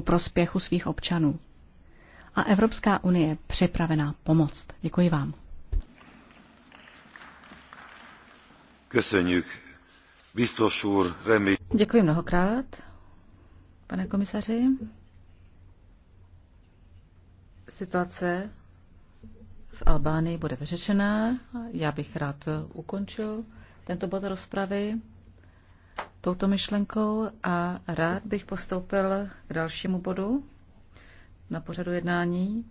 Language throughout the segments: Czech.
ku prospěchu svých občanů. A Evropská unie je připravená pomoct. Děkuji vám. Děkuji mnohokrát, pane komisaři. Situace v Albánii bude vyřešená. Já bych rád ukončil tento bod rozpravy touto myšlenkou a rád bych postoupil k dalšímu bodu na pořadu jednání.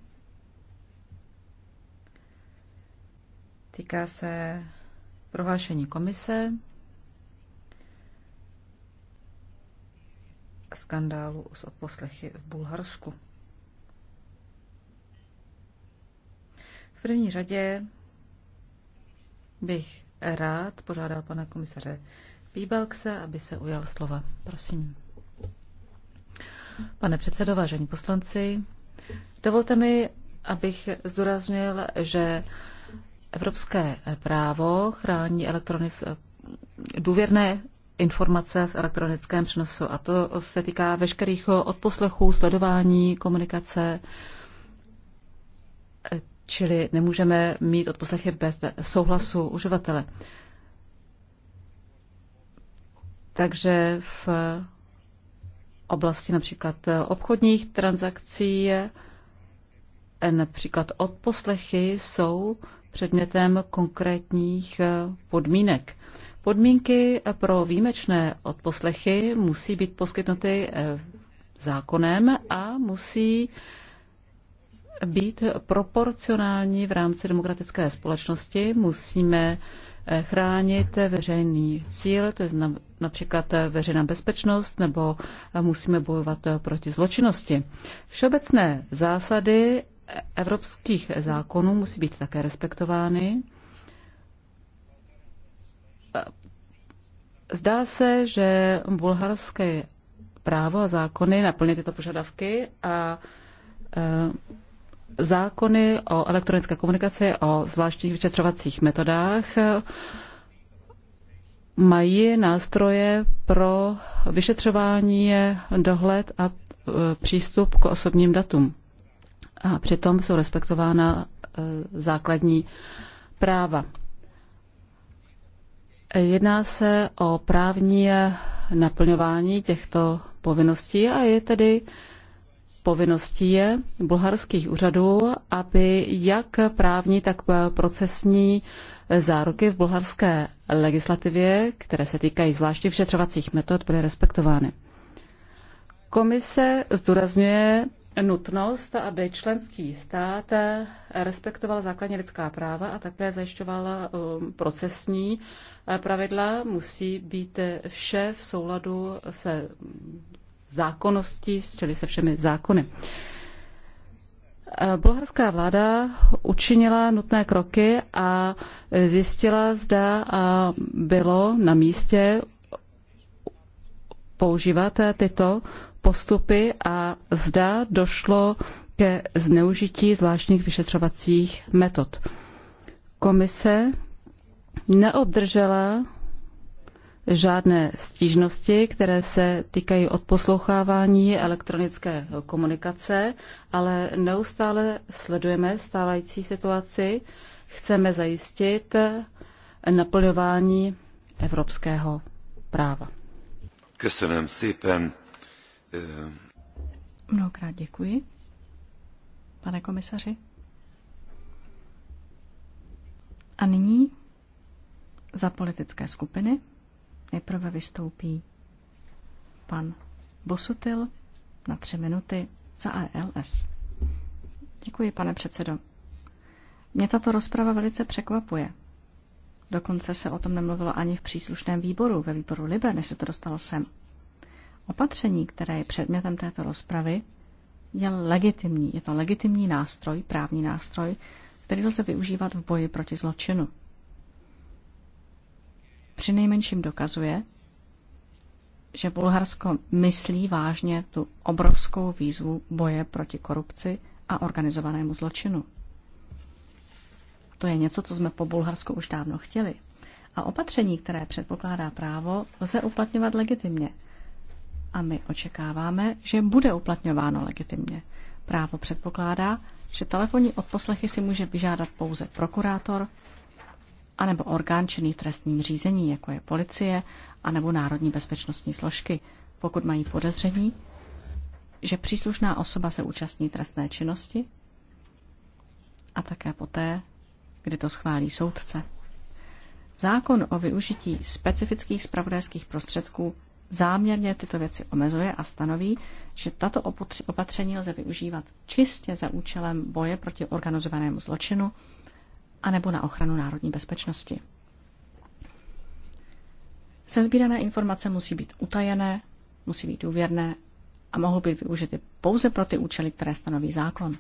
Týká se prohlášení komise, skandálu s odposlechy v Bulharsku. V první řadě bych rád požádal pana komisaře se, aby se ujal slova. Prosím. Pane předsedo, vážení poslanci, dovolte mi, abych zdůraznil, že evropské právo chrání elektronic- důvěrné informace v elektronickém přenosu. A to se týká veškerých odposlechů, sledování, komunikace, čili nemůžeme mít odposlechy bez souhlasu uživatele. Takže v oblasti například obchodních transakcí, například odposlechy jsou předmětem konkrétních podmínek. Podmínky pro výjimečné odposlechy musí být poskytnuty eh, zákonem a musí být proporcionální v rámci demokratické společnosti, musíme eh, chránit veřejný cíl, to je například eh, veřejná bezpečnost, nebo eh, musíme bojovat proti zločinnosti. Všeobecné zásady evropských zákonů musí být také respektovány. Zdá se, že bulharské právo a zákony naplní tyto požadavky a zákony o elektronické komunikaci, o zvláštních vyšetřovacích metodách mají nástroje pro vyšetřování, dohled a e, přístup k osobním datům. A přitom jsou respektována e, základní práva. Jedná se o právní naplňování těchto povinností a je tedy povinností je bulharských úřadů, aby jak právní, tak procesní záruky v bulharské legislativě, které se týkají zvláště vyšetřovacích metod, byly respektovány. Komise zdůrazňuje nutnost, aby členský stát respektoval základní lidská práva a také zajišťoval um, procesní eh, pravidla. Musí být vše v souladu se zákonností, čili se všemi zákony. Eh, bulharská vláda učinila nutné kroky a zjistila, zda eh, bylo na místě používat eh, tyto postupy a zda došlo ke zneužití zvláštních vyšetřovacích metod. Komise neobdržela žádné stížnosti, které se týkají odposlouchávání elektronické komunikace, ale neustále sledujeme stávající situaci. Chceme zajistit naplňování evropského práva. Köszönöm szépen. Mnohokrát děkuji. Pane komisaři. A nyní za politické skupiny. Nejprve vystoupí pan Bosutil na tři minuty za ALS. Děkuji, pane předsedo. Mě tato rozprava velice překvapuje. Dokonce se o tom nemluvilo ani v příslušném výboru, ve výboru Libe, než se to dostalo sem. Opatření, které je předmětem této rozpravy, je legitimní. Je to legitimní nástroj, právní nástroj, který lze využívat v boji proti zločinu nejmenším dokazuje, že Bulharsko myslí vážně tu obrovskou výzvu boje proti korupci a organizovanému zločinu. To je něco, co jsme po Bulharsku už dávno chtěli. A opatření, které předpokládá právo, lze uplatňovat legitimně. A my očekáváme, že bude uplatňováno legitimně. Právo předpokládá, že telefonní odposlechy si může vyžádat pouze prokurátor anebo orgán činný v trestním řízení, jako je policie, anebo národní bezpečnostní složky, pokud mají podezření, že příslušná osoba se účastní trestné činnosti a také poté, kdy to schválí soudce. Zákon o využití specifických spravodajských prostředků záměrně tyto věci omezuje a stanoví, že tato opatření lze využívat čistě za účelem boje proti organizovanému zločinu anebo na ochranu národní bezpečnosti. Sezbírané informace musí být utajené, musí být důvěrné a mohou být využity pouze pro ty účely, které stanoví zákon.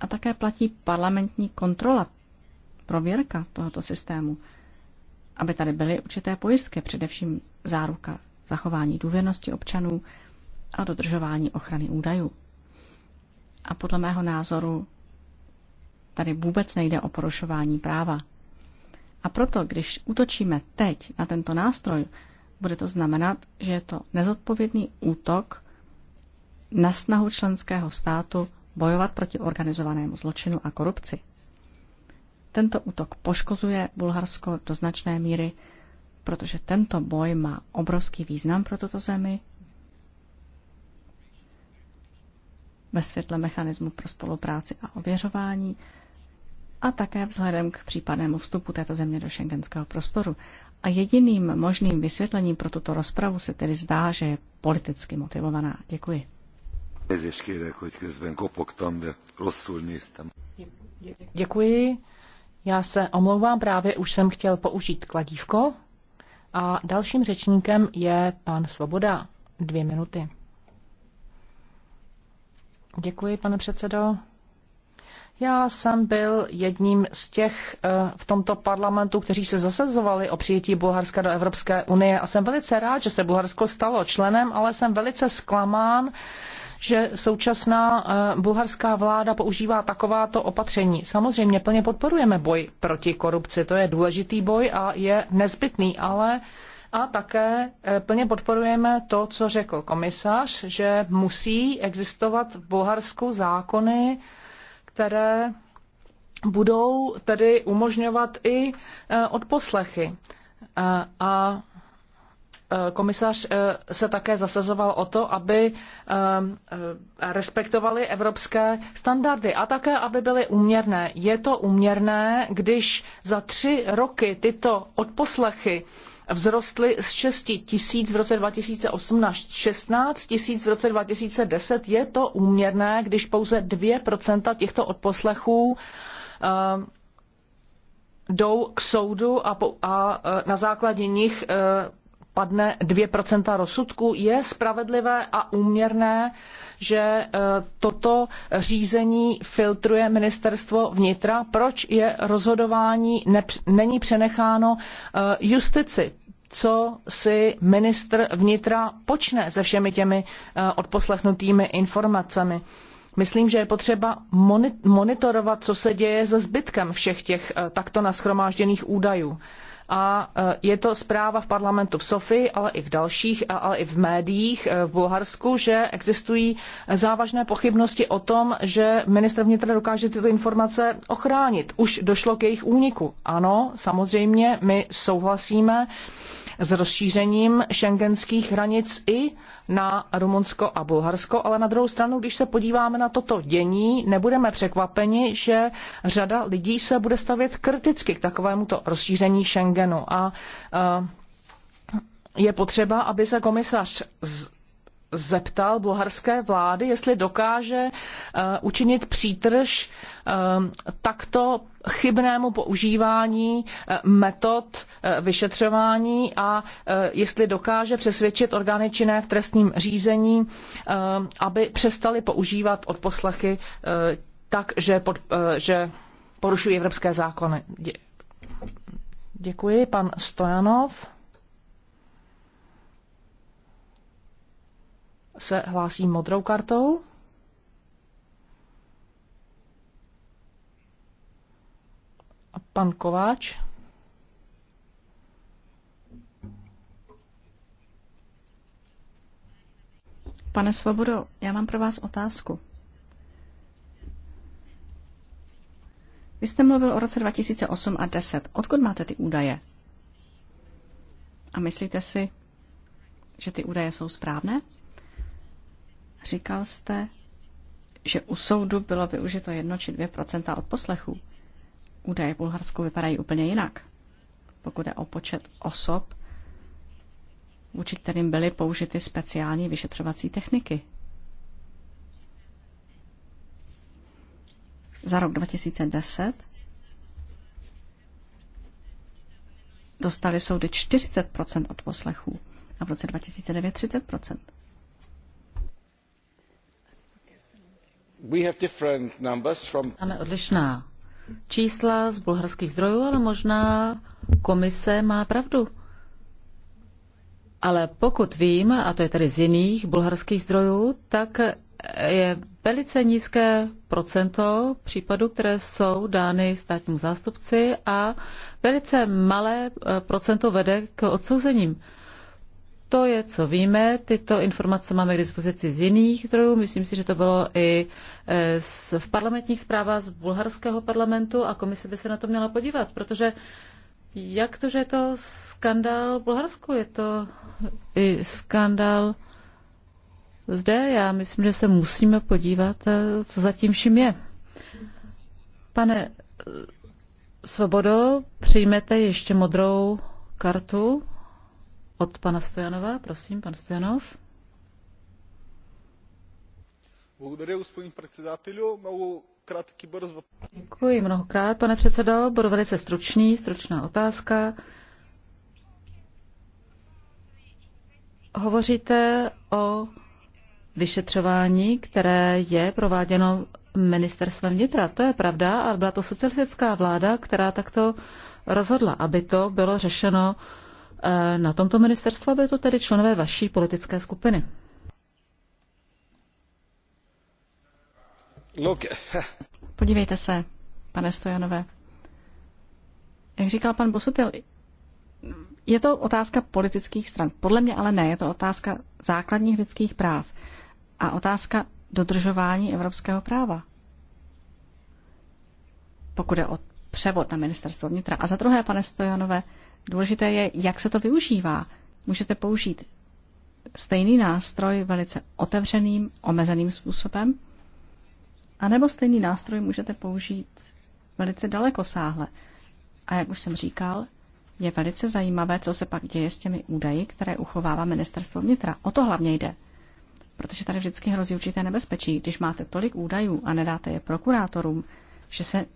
A také platí parlamentní kontrola, prověrka tohoto systému, aby tady byly určité pojistky, především záruka zachování důvěrnosti občanů a dodržování ochrany údajů. A podle mého názoru Tady vůbec nejde o porušování práva. A proto, když útočíme teď na tento nástroj, bude to znamenat, že je to nezodpovědný útok na snahu členského státu bojovat proti organizovanému zločinu a korupci. Tento útok poškozuje Bulharsko do značné míry, protože tento boj má obrovský význam pro tuto zemi ve světle mechanismu pro spolupráci a ověřování a také vzhledem k případnému vstupu této země do šengenského prostoru. A jediným možným vysvětlením pro tuto rozpravu se tedy zdá, že je politicky motivovaná. Děkuji. Děkuji. Já se omlouvám, právě už jsem chtěl použít kladívko. A dalším řečníkem je pan Svoboda. Dvě minuty. Děkuji, pane předsedo. Já jsem byl jedním z těch eh, v tomto parlamentu, kteří se zasazovali o přijetí Bulharska do Evropské unie a jsem velice rád, že se Bulharsko stalo členem, ale jsem velice zklamán, že současná eh, bulharská vláda používá takováto opatření. Samozřejmě plně podporujeme boj proti korupci, to je důležitý boj a je nezbytný, ale a také eh, plně podporujeme to, co řekl komisař, že musí existovat v Bulharsku zákony, které budou tedy umožňovat i e, odposlechy. E, a e, komisař se také zasazoval o to, aby respektovali evropské standardy a také, aby byly úměrné. Je to úměrné, když za tři roky tyto odposlechy vzrostly z 6 tisíc v roce 2008 na 16 tisíc v roce 2010. Je to úměrné, když pouze 2% těchto odposlechů ehm, jdou k soudu a, po, a e, na základě nich e, padne 2% rozsudku, je spravedlivé a úměrné, že e, toto řízení filtruje ministerstvo vnitra. Proč je rozhodování není přenecháno e, justici? co si ministr vnitra počne se všemi těmi e, odposlechnutými informacemi. Myslím, že je potřeba monitorovat, co se děje se zbytkem všech těch takto naschromážděných údajů a eh, je to zpráva v parlamentu v Sofii, ale i v dalších, ale i v médiích eh, v Bulharsku, že existují závažné pochybnosti o tom, že ministr vnitra dokáže tyto informace ochránit. Už došlo k jejich úniku. Ano, samozřejmě, my souhlasíme s rozšířením šengenských hranic i na Rumunsko a Bulharsko, ale na druhou stranu, když se podíváme na toto dění, nebudeme překvapeni, že řada lidí se bude stavět kriticky k takovémuto rozšíření Schengenu. A eh, je potřeba, aby se komisař zeptal bulharské vlády, jestli dokáže Eh, učinit přítrž eh, takto chybnému používání eh, metod vyšetřování a jestli dokáže přesvědčit orgány činné v trestním řízení, aby přestali používat odposlechy tak, že, pod, že porušují evropské zákony. Děkuji, pan Stojanov. Se hlásí modrou kartou. Pan Kováč. Pane Svobodo, já mám pro vás otázku. Vy jste mluvil o roce 2008 a 10. Odkud máte ty údaje? A myslíte si, že ty údaje jsou správné? Říkal jste, že u soudu bylo využito jedno či procenta od poslechů údaje v Bulharsku vypadají úplně jinak. Pokud je o počet osob, vůči kterým byly použity speciální vyšetřovací techniky. Za rok 2010 dostali soudy 40 od poslechů a v roce 2009 30 Máme odlišná čísla z bulharských zdrojů, ale možná komise má pravdu. Ale pokud vím, a to je tedy z jiných bulharských zdrojů, tak je velice nízké procento případů, které jsou dány státnímu zástupci a velice malé eh, procento vede k odsouzením to je, co víme. Tyto informace máme k dispozici z jiných zdrojů. Myslím si, že to bylo i e, v parlamentních zprávách z bulharského parlamentu a komise by se na to měla podívat, protože jak to, že je to skandál v Bulharsku? Je to i skandál zde? Já myslím, že se musíme podívat, e, co zatím vším je. Pane e, Svobodo, přijmete ještě modrou kartu od pana Stojanova, prosím, pan Stojanov. Děkuji mnohokrát, pane předsedo. Budu velice stručný, stručná otázka. Hovoříte o vyšetřování, které je prováděno ministerstvem vnitra. To je pravda, ale byla to socialistická vláda, která takto rozhodla, aby to bylo řešeno uh, Eh, na tomto ministerstvu, byli to tedy členové vaší politické skupiny. Look. Podívejte se, pane Stojanové. Jak říkal pan Bosutil, je to otázka politických stran. Podle mě ale ne, je to otázka základních lidských práv a otázka dodržování evropského práva. Pokud je o převod na ministerstvo vnitra. A za druhé, pane Stojanové, Důležité je, jak se to využívá. Můžete použít stejný nástroj velice otevřeným, omezeným způsobem, anebo stejný nástroj můžete použít velice dalekosáhle. A jak už jsem říkal, je velice zajímavé, co se pak děje s těmi údaji, které uchovává ministerstvo vnitra. O to hlavně jde. Protože tady vždycky hrozí určité nebezpečí, když máte tolik údajů a nedáte je prokurátorům, že se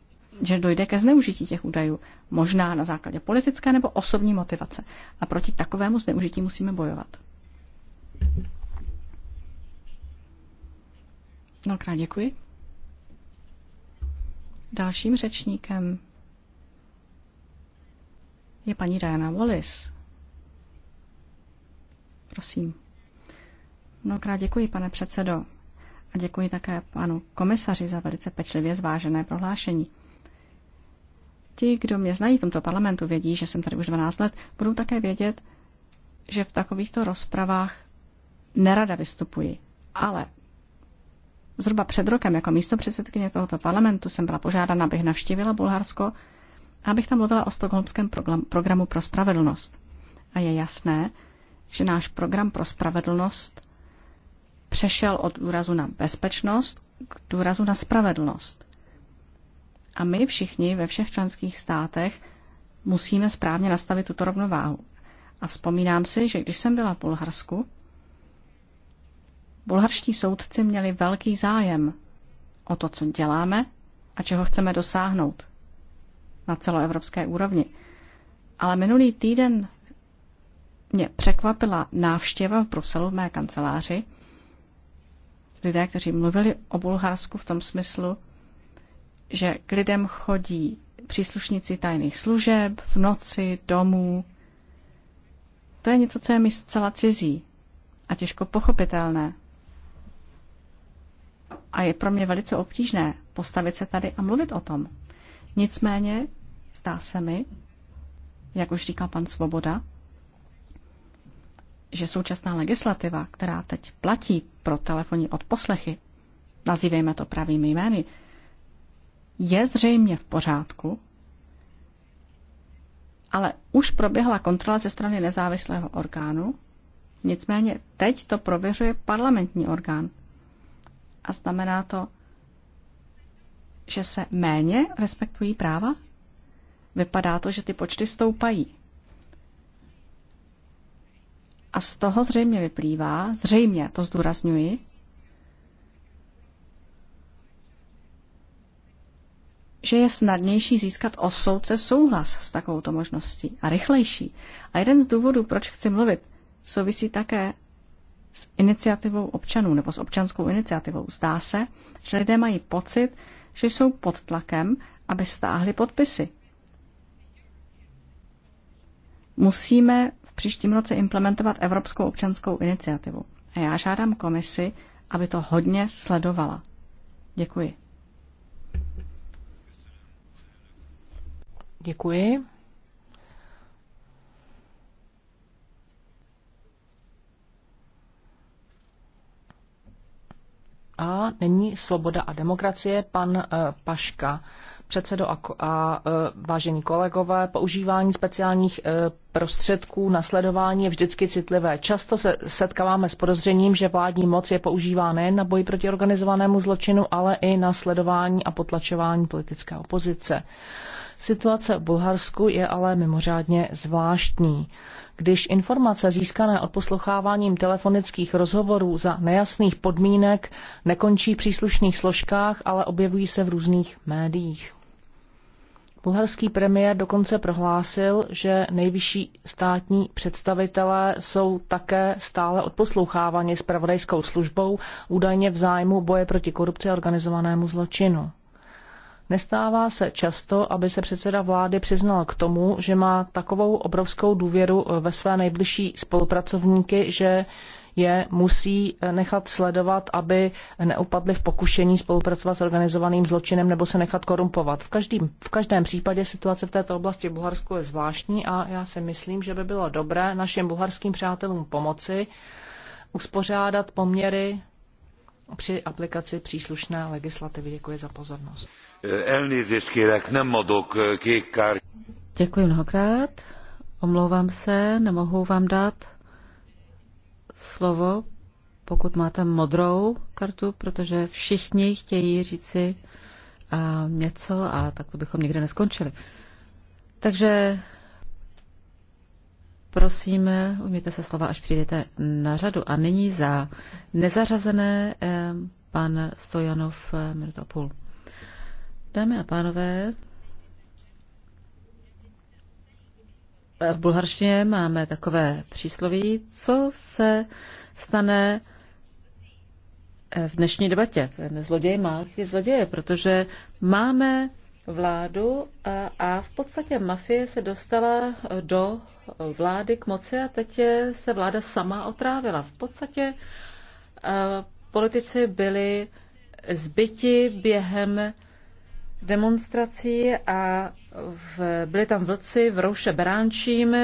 že dojde ke zneužití těch údajů, možná na základě politické nebo osobní motivace. A proti takovému zneužití musíme bojovat. Mnohokrát děkuji. Dalším řečníkem je paní Diana Wallis. Prosím. Mnohokrát děkuji, pane předsedo, a děkuji také panu komisaři za velice pečlivě zvážené prohlášení. Ti, kdo mě znají v tomto parlamentu, vědí, že jsem tady už 12 let, budou také vědět, že v takovýchto rozpravách nerada vystupuji. Ale zhruba před rokem jako místo předsedkyně tohoto parlamentu jsem byla požádána, abych navštívila Bulharsko, abych tam mluvila o stokholmském programu pro spravedlnost. A je jasné, že náš program pro spravedlnost přešel od důrazu na bezpečnost k důrazu na spravedlnost. A my všichni ve všech členských státech musíme správně nastavit tuto rovnováhu. A vzpomínám si, že když jsem byla v Bulharsku, bulharští soudci měli velký zájem o to, co děláme a čeho chceme dosáhnout na celoevropské úrovni. Ale minulý týden mě překvapila návštěva v Bruselu v mé kanceláři. Lidé, kteří mluvili o Bulharsku v tom smyslu, že k lidem chodí příslušníci tajných služeb v noci, domů. To je něco, co je mi zcela cizí a těžko pochopitelné. A je pro mě velice obtížné postavit se tady a mluvit o tom. Nicméně, zdá se mi, jak už říkal pan Svoboda, že současná legislativa, která teď platí pro telefonní odposlechy, nazývejme to pravými jmény, je zřejmě v pořádku, ale už proběhla kontrola ze strany nezávislého orgánu, nicméně teď to prověřuje parlamentní orgán. A znamená to, že se méně respektují práva? Vypadá to, že ty počty stoupají. A z toho zřejmě vyplývá, zřejmě to zdůrazňuji, že je snadnější získat o soudce souhlas s takovouto možností a rychlejší. A jeden z důvodů, proč chci mluvit, souvisí také s iniciativou občanů nebo s občanskou iniciativou. Zdá se, že lidé mají pocit, že jsou pod tlakem, aby stáhli podpisy. Musíme v příštím roce implementovat Evropskou občanskou iniciativu. A já žádám komisi, aby to hodně sledovala. Děkuji. Děkuji. A není svoboda a demokracie, pan uh, Paška. Předsedo a, a uh, vážení kolegové, používání speciálních uh, prostředků na sledování je vždycky citlivé. Často se setkáváme s podezřením, že vládní moc je používá nejen na boj proti organizovanému zločinu, ale i na sledování a potlačování politické opozice. Situace v Bulharsku je ale mimořádně zvláštní. Když informace získané odposloucháváním telefonických rozhovorů za nejasných podmínek nekončí v příslušných složkách, ale objevují se v různých médiích. Bulharský premiér dokonce prohlásil, že nejvyšší státní představitelé jsou také stále odposloucháváni s pravodajskou službou, údajně v zájmu boje proti korupci a organizovanému zločinu. Nestává se často, aby se předseda vlády přiznal k tomu, že má takovou obrovskou důvěru eh, ve své nejbližší spolupracovníky, že je musí eh, nechat sledovat, aby neupadli v pokušení spolupracovat s organizovaným zločinem nebo se nechat korumpovat. V, každým, v každém případě situace v této oblasti v Bulharsku je zvláštní a já si myslím, že by bylo dobré našim bulharským přátelům pomoci uspořádat poměry při aplikaci příslušné legislativy. Děkuji za pozornost. Elnézést kérek, nem adok kék Děkuji mnohokrát. Omlouvám se, nemohu vám dát slovo, pokud máte modrou kartu, protože všichni chtějí říci a něco a tak to bychom nikde neskončili. Takže prosíme, umějte se slova, až přijdete na řadu. A nyní za nezařazené eh, pan Stojanov eh, minuta půl. Dámy a pánové, v bulharštině máme takové přísloví, co se stane eh, v dnešní debatě. Ten zloděj má je zloděje, protože máme vládu a, a v podstatě mafie se dostala do vlády k moci a teď se vláda sama otrávila. V podstatě eh, politici byli zbyti během demonstrací a v, byli tam vlci v rouše beránčím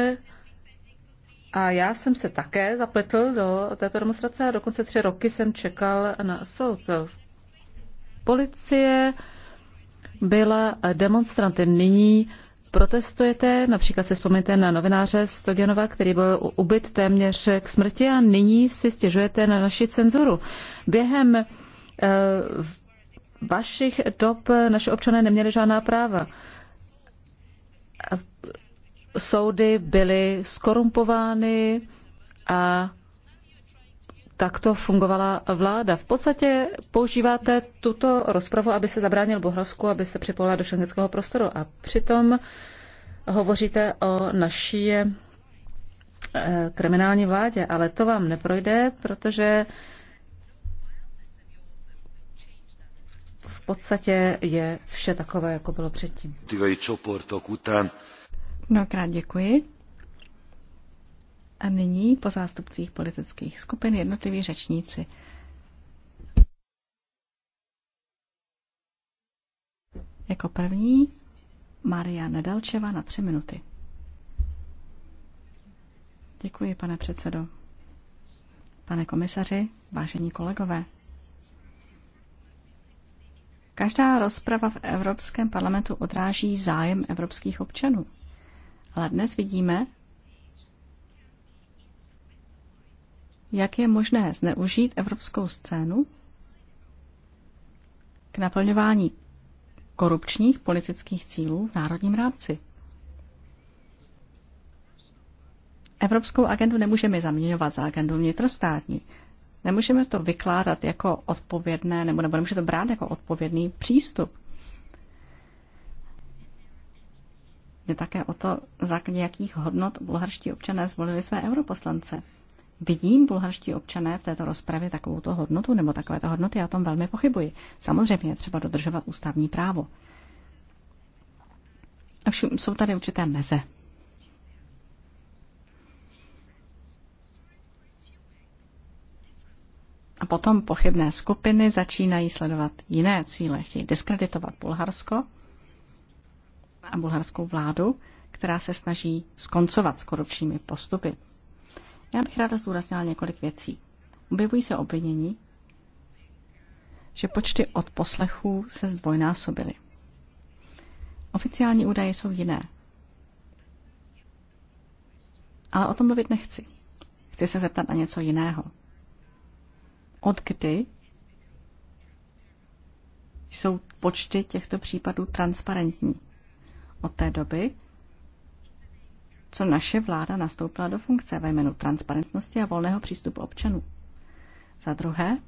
a já jsem se také zapletl do této demonstrace a dokonce tři roky jsem čekal na soud. Policie byla demonstranty. Nyní protestujete, například si vzpomněte na novináře Stogianova, který byl ubyt téměř k smrti a nyní si stěžujete na naši cenzuru. Během eh, vašich dob naše občané neměli žádná práva. Soudy byly skorumpovány a takto fungovala vláda. V podstatě používáte tuto rozpravu, aby se zabránil Bohlasku, aby se připojila do šengenského prostoru a přitom hovoříte o naší eh, kriminální vládě, ale to vám neprojde, protože v podstatě je vše takové, jako bylo předtím. Mnohokrát děkuji. A nyní po zástupcích politických skupin jednotliví řečníci. Jako první Maria Nedalčeva na tři minuty. Děkuji, pane předsedo. Pane komisaři, vážení kolegové, Každá rozprava v Evropském parlamentu odráží zájem evropských občanů. Ale dnes vidíme, jak je možné zneužít evropskou scénu k naplňování korupčních politických cílů v národním rámci. Evropskou agendu nemůžeme zaměňovat za agendu vnitrostátní. Nemůžeme to vykládat jako odpovědné, nebo, nebo nemůžeme to brát jako odpovědný přístup. Je také o to, za jakých hodnot bulharští občané zvolili své europoslance. Vidím bulharští občané v této rozpravě takovou hodnotu nebo takovéto hodnoty, já tom velmi pochybuji. Samozřejmě je třeba dodržovat ústavní právo. Ovšem jsou tady určité meze. A potom pochybné skupiny začínají sledovat jiné cíle. Chtějí diskreditovat Bulharsko a bulharskou vládu, která se snaží skoncovat s korupčními postupy. Já bych ráda zdůraznila několik věcí. Objevují se obvinění, že počty odposlechů se zdvojnásobily. Oficiální údaje jsou jiné. Ale o tom mluvit nechci. Chci se zeptat na něco jiného od kdy jsou počty těchto případů transparentní. Od té doby, co naše vláda nastoupila do funkce ve jménu transparentnosti a volného přístupu občanů. Za druhé,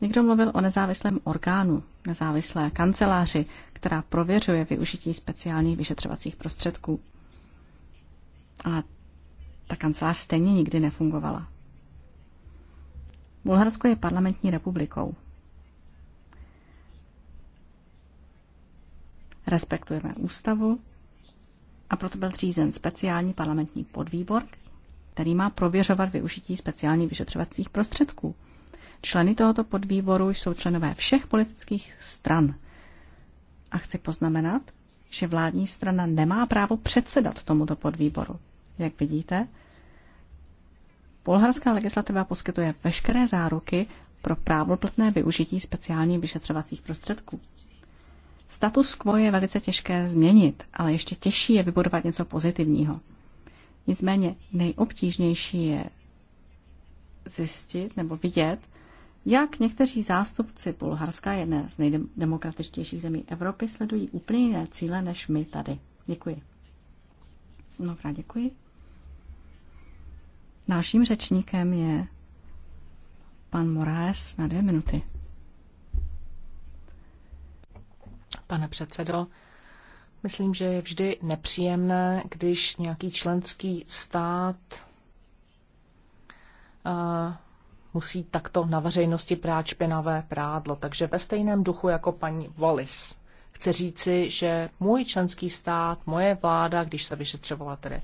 někdo mluvil o nezávislém orgánu, nezávislé kanceláři, která prověřuje využití speciálních vyšetřovacích prostředků. Ale ta kancelář stejně nikdy nefungovala. Bulharsko je parlamentní republikou. Respektujeme ústavu a proto byl zřízen speciální parlamentní podvýbor, který má prověřovat využití speciálních vyšetřovacích prostředků. Členy tohoto podvýboru jsou členové všech politických stran. A chci poznamenat, že vládní strana nemá právo předsedat tomuto podvýboru. Jak vidíte, Bulharská legislativa poskytuje veškeré záruky pro právoplatné využití speciálních vyšetřovacích prostředků. Status quo je velice těžké změnit, ale ještě těžší je vybudovat něco pozitivního. Nicméně nejobtížnější je zjistit nebo vidět, jak někteří zástupci Bulharska, jedné z nejdemokratičtějších zemí Evropy, sledují úplně jiné cíle než my tady. Děkuji. Dobrá, děkuji. Dalším řečníkem je pan Moraes na dvě minuty. Pane předsedo, myslím, že je vždy nepříjemné, když nějaký členský stát uh, musí takto na veřejnosti prát špinavé prádlo. Takže ve stejném duchu jako paní Wallis chce říci, že můj členský stát, moje vláda, když se vyšetřovala tedy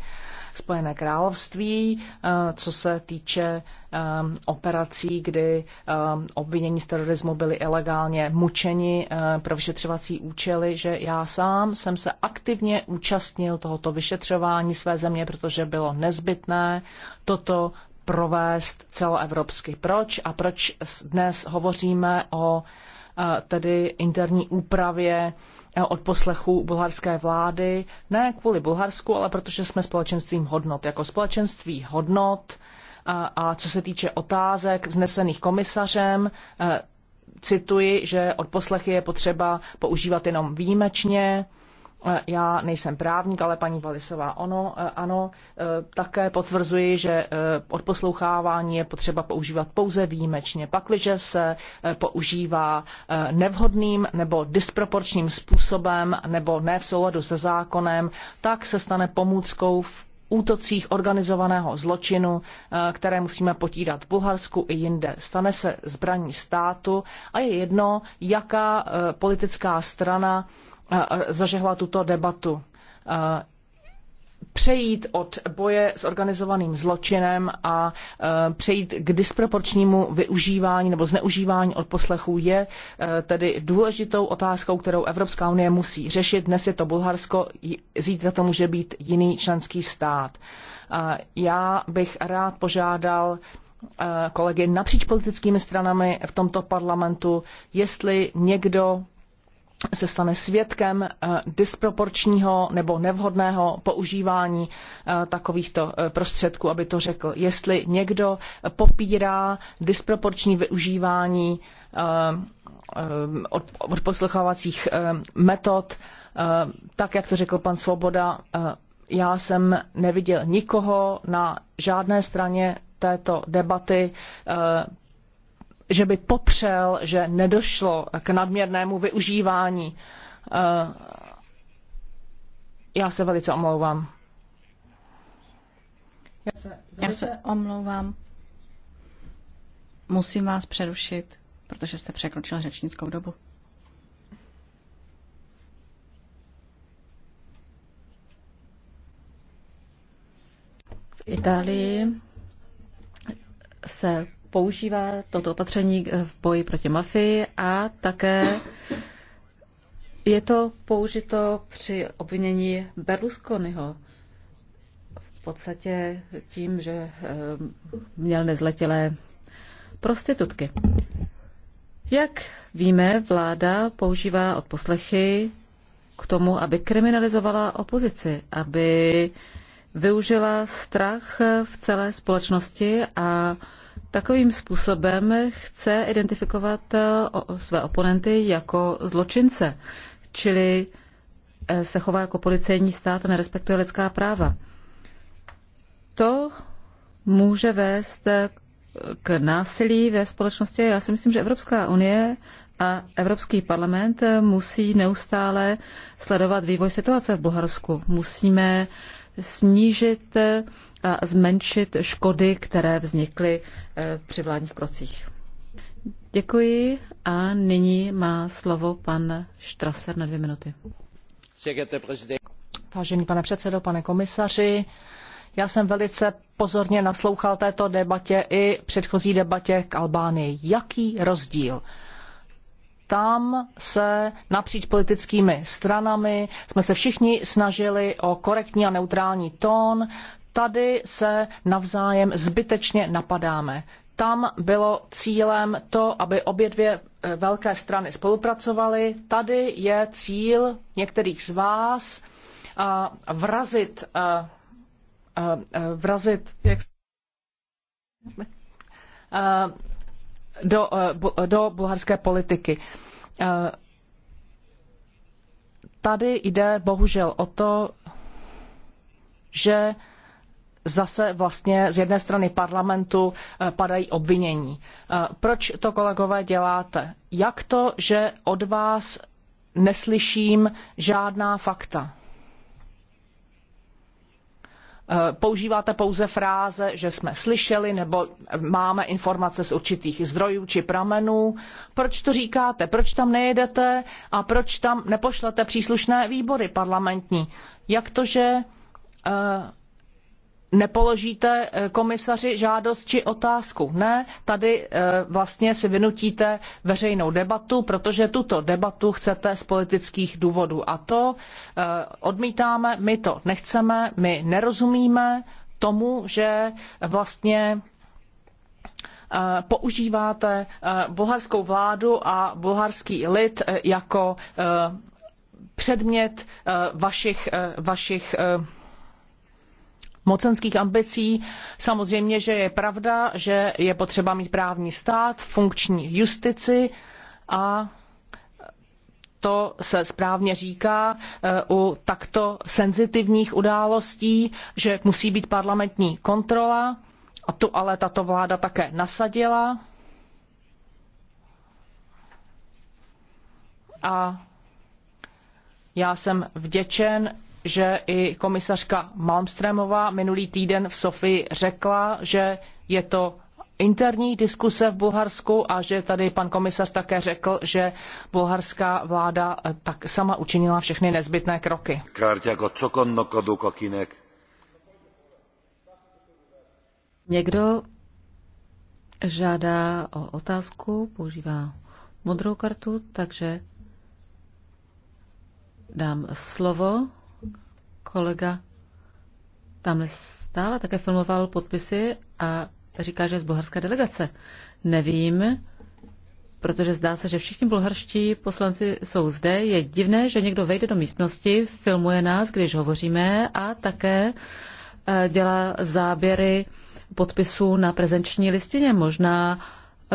Spojené království, eh, co se týče eh, operací, kdy eh, obvinění z terorismu byli ilegálně mučeni pro vyšetřovací účely, že já sám jsem se aktivně účastnil tohoto vyšetřování své země, protože bylo nezbytné toto provést celoevropsky. Proč a proč dnes hovoříme o tedy interní úpravě e, od poslechu bulharské vlády, ne kvůli Bulharsku, ale protože jsme společenstvím hodnot. Jako společenství hodnot a co se týče otázek vznesených komisařem, e, cituji, že od poslechy je potřeba používat jenom výjimečně, E, já nejsem právník, ale paní Valisová ono, e, ano, e, také potvrzuji, že odposlouchávání je potřeba používat pouze výjimečně. Pakliže se používá nevhodným nebo disproporčním způsobem nebo ne v souladu se zákonem, tak se stane pomůckou v útocích organizovaného zločinu, které musíme potírat v Bulharsku i jinde. Stane se zbraní státu a je jedno, jaká politická strana zažehla tuto debatu. Přejít od boje s organizovaným zločinem a přejít k disproporčnímu využívání nebo zneužívání odposlechů je e, tedy důležitou otázkou, kterou Evropská unie musí řešit. Dnes je to Bulharsko, zítra to může být jiný členský stát. Já bych rád požádal e, kolegy napříč politickými stranami v tomto parlamentu, jestli někdo se stane svědkem eh, disproporčního nebo nevhodného používání eh, takovýchto eh, prostředků, aby to řekl. Jestli někdo popírá disproporční využívání odposlechovacích metod, tak jak to řekl pan Svoboda, já jsem neviděl nikoho na žádné straně této debaty, že by popřel, že nedošlo k nadměrnému využívání. Eh, já se velice omlouvám. Já se, velice... Já se omlouvám. Musím vás přerušit, protože jste překročil řečnickou dobu. V Itálii se používá toto opatření v boji proti mafii a také je to použito při obvinění Berlusconiho. V podstatě tím, že eh, měl nezletilé prostitutky. Jak víme, vláda používá odposlechy k tomu, aby kriminalizovala opozici, aby využila strach v celé společnosti a Takovým způsobem chce identifikovat eh, své oponenty jako zločince, čili eh, se chová jako policejní stát a nerespektuje lidská práva. To může vést eh, k násilí ve společnosti. Já si myslím, že Evropská unie a Evropský parlament musí neustále sledovat vývoj situace v Bulharsku. Musíme snížit zmenšit škody, které vznikly eh, při vládních krocích. Děkuji a nyní má slovo pan Štraser na dvě minuty. Vážený pane předsedo, pane komisaři, já jsem velice pozorně naslouchal této debatě i předchozí debatě k Albánii. Jaký rozdíl? Tam se napříč politickými stranami jsme se všichni snažili o korektní a neutrální tón. Tady se navzájem zbytečně napadáme. Tam bylo cílem to, aby obě dvě eh, velké strany spolupracovaly. Tady je cíl některých z vás eh, vrazit, eh, vrazit jak, do, do bulharské politiky. Tady jde bohužel o to, že zase vlastně z jedné strany parlamentu eh, padají obvinění. Eh, proč to, kolegové, děláte? Jak to, že od vás neslyším žádná fakta? Eh, používáte pouze fráze, že jsme slyšeli nebo máme informace z určitých zdrojů či pramenů. Proč to říkáte? Proč tam nejedete a proč tam nepošlete příslušné výbory parlamentní? Jak to, že nepoložíte eh, komisaři žádost či otázku. Ne, tady eh, vlastně si vynutíte veřejnou debatu, protože tuto debatu chcete z politických důvodů. A to eh, odmítáme, my to nechceme, my nerozumíme tomu, že vlastně používáte bulharskou vládu a bulharský lid jako předmět vašich, vašich mocenských ambicí. Samozřejmě, že je pravda, že je potřeba mít právní stát, funkční justici a to se správně říká eh, u takto senzitivních událostí, že musí být parlamentní kontrola a tu ale tato vláda také nasadila. A já jsem vděčen že i komisařka Malmströmová minulý týden v Sofii řekla, že je to interní diskuse v Bulharsku a že tady pan komisař také řekl, že bulharská vláda eh, tak sama učinila všechny nezbytné kroky. Někdo žádá o otázku, používá modrou kartu, takže dám slovo Kolega tam stále také filmoval podpisy a říká, že je z bulharské delegace. Nevím, protože zdá se, že všichni bulharští poslanci jsou zde. Je divné, že někdo vejde do místnosti, filmuje nás, když hovoříme a také eh, dělá záběry podpisů na prezenční listině. Možná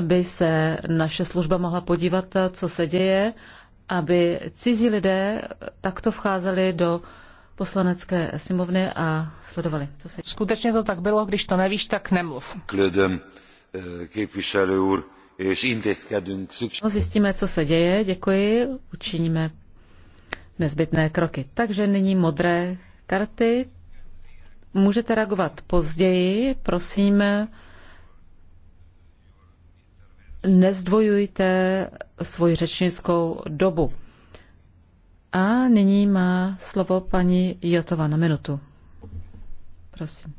by se naše služba mohla podívat, co se děje, aby cizí lidé takto vcházeli do poslanecké sněmovny a sledovali. Co se... Skutečně to tak bylo, když to nevíš, tak nemluv. Klidem, eh, képviselő úr, no, Zjistíme, co se děje, děkuji, učiníme nezbytné kroky. Takže nyní modré karty. Můžete reagovat později, prosím, nezdvojujte svoji řečnickou dobu. A nyní má slovo paní Jotova na minutu. Prosím.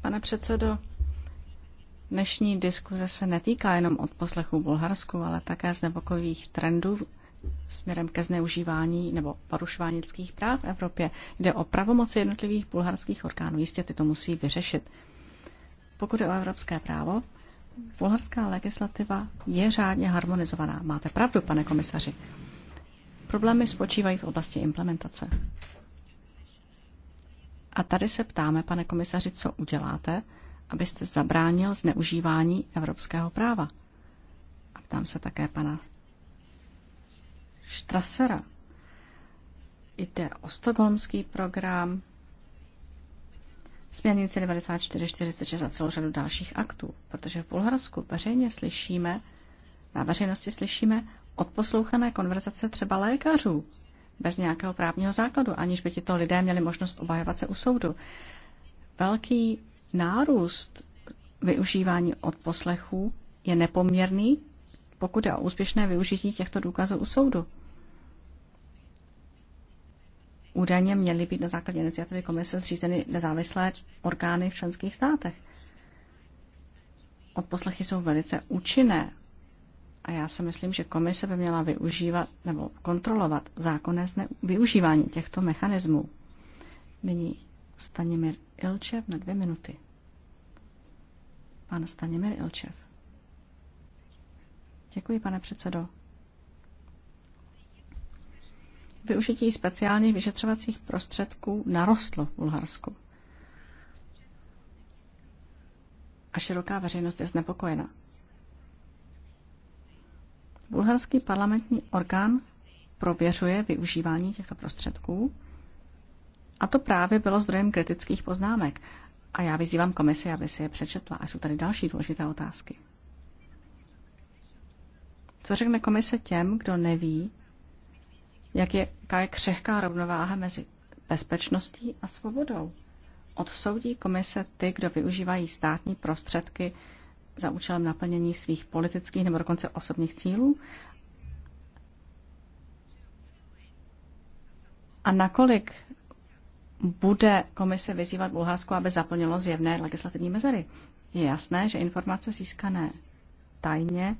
Pane předsedo, dnešní diskuze se netýká jenom od poslechu Bulharsku, ale také z nebokových trendů směrem ke zneužívání nebo porušování lidských práv v Evropě. Jde o pravomoci jednotlivých bulharských orgánů. Jistě ty to musí vyřešit. Pokud je o evropské právo, Bulharská legislativa je řádně harmonizovaná. Máte pravdu, pane komisaři. Problémy spočívají v oblasti implementace. A tady se ptáme, pane komisaři, co uděláte, abyste zabránil zneužívání evropského práva. A ptám se také pana Štrasera. Jde o stokholmský program, Směrnice 9446 a celou řadu dalších aktů, protože v Bulharsku veřejně slyšíme, na veřejnosti slyšíme odposlouchané konverzace třeba lékařů bez nějakého právního základu, aniž by tito lidé měli možnost obhajovat se u soudu. Velký nárůst využívání odposlechů je nepoměrný, pokud je o úspěšné využití těchto důkazů u soudu. Údajně měly být na základě iniciativy komise zřízeny nezávislé orgány v členských státech. Odposlechy jsou velice účinné a já si myslím, že komise by měla využívat nebo kontrolovat zákonné využívání těchto mechanismů. Nyní Stanimir Ilčev na dvě minuty. Pan Stanimir Ilčev. Děkuji, pane předsedo využití speciálních vyšetřovacích prostředků narostlo v Bulharsku. A široká veřejnost je znepokojena. Bulharský parlamentní orgán prověřuje využívání těchto prostředků a to právě bylo zdrojem kritických poznámek. A já vyzývám komisi, aby si je přečetla. A jsou tady další důležité otázky. Co řekne komise těm, kdo neví, jak je, jaká je křehká rovnováha mezi bezpečností a svobodou. Odsoudí komise ty, kdo využívají státní prostředky za účelem naplnění svých politických nebo dokonce osobních cílů? A nakolik bude komise vyzývat Bulharsko, aby zaplnilo zjevné legislativní mezery? Je jasné, že informace získané tajně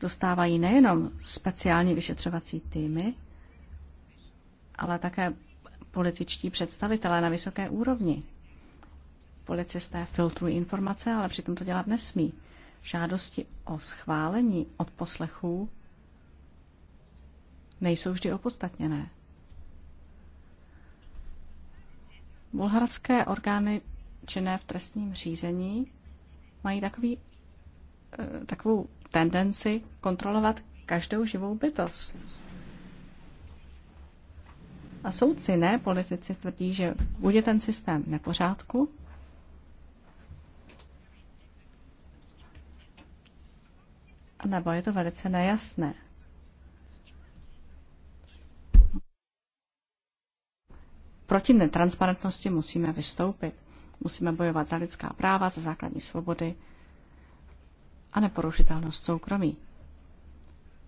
dostávají nejenom speciální vyšetřovací týmy, ale také političtí představitelé na vysoké úrovni. Policisté filtrují informace, ale přitom to dělat nesmí. Žádosti o schválení od poslechů nejsou vždy opodstatněné. Bulharské orgány činné v trestním řízení mají takový, eh, takovou tendenci kontrolovat každou živou bytost. A soudci, ne politici, tvrdí, že bude ten systém nepořádku, nebo je to velice nejasné. Proti netransparentnosti musíme vystoupit. Musíme bojovat za lidská práva, za základní svobody a neporušitelnost soukromí.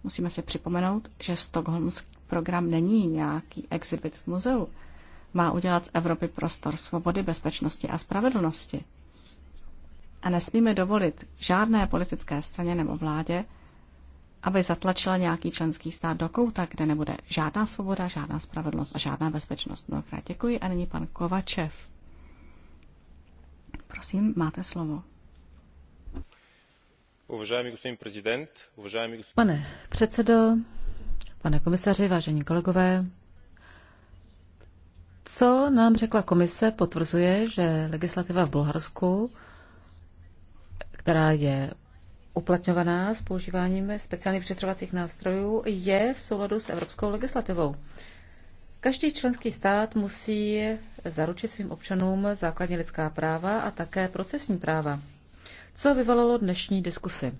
Musíme si připomenout, že Stockholmský program není nějaký exhibit v muzeu. Má udělat z Evropy prostor svobody, bezpečnosti a spravedlnosti. A nesmíme dovolit žádné politické straně nebo vládě, aby zatlačila nějaký členský stát do kouta, kde nebude žádná svoboda, žádná spravedlnost a žádná bezpečnost. Mnohokrát děkuji a nyní pan Kovačev. Prosím, máte slovo. Pane předsedo, Pane komisaři, vážení kolegové, co nám řekla komise, potvrzuje, že legislativa v Bulharsku, která je uplatňovaná s používáním speciálních vyšetřovacích nástrojů, je v souladu s evropskou legislativou. Každý členský stát musí zaručit svým občanům základní lidská práva a také procesní práva. Co vyvolalo dnešní diskusy?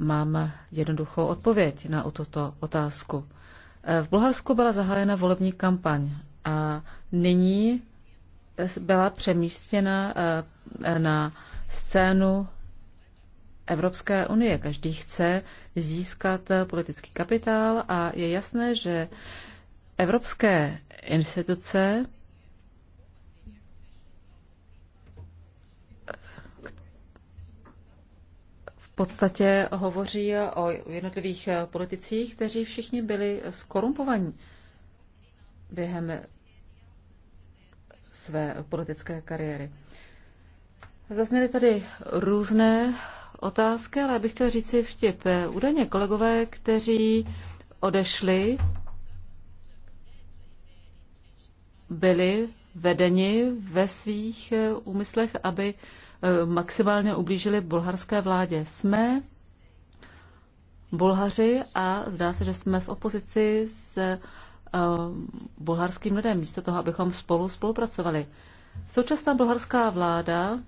mám jednoduchou odpověď na o tuto otázku. Eh, v Bulharsku byla zahájena volební kampaň a nyní byla přemístěna eh, na scénu Evropské unie. Každý chce získat eh, politický kapitál a je jasné, že evropské instituce podstatě hovoří o jednotlivých eh, politicích, kteří všichni byli skorumpovaní během své politické kariéry. Zazněly tady různé otázky, ale bych chtěl říct, si vtip. Eh, údajně kolegové, kteří odešli, byli vedeni ve svých eh, úmyslech, aby Eh, maximálně ublížili bulharské vládě. Jsme Bulhaři a zdá se, že jsme v opozici s eh, bulharským lidem, místo toho, abychom spolu spolupracovali. Současná bulharská vláda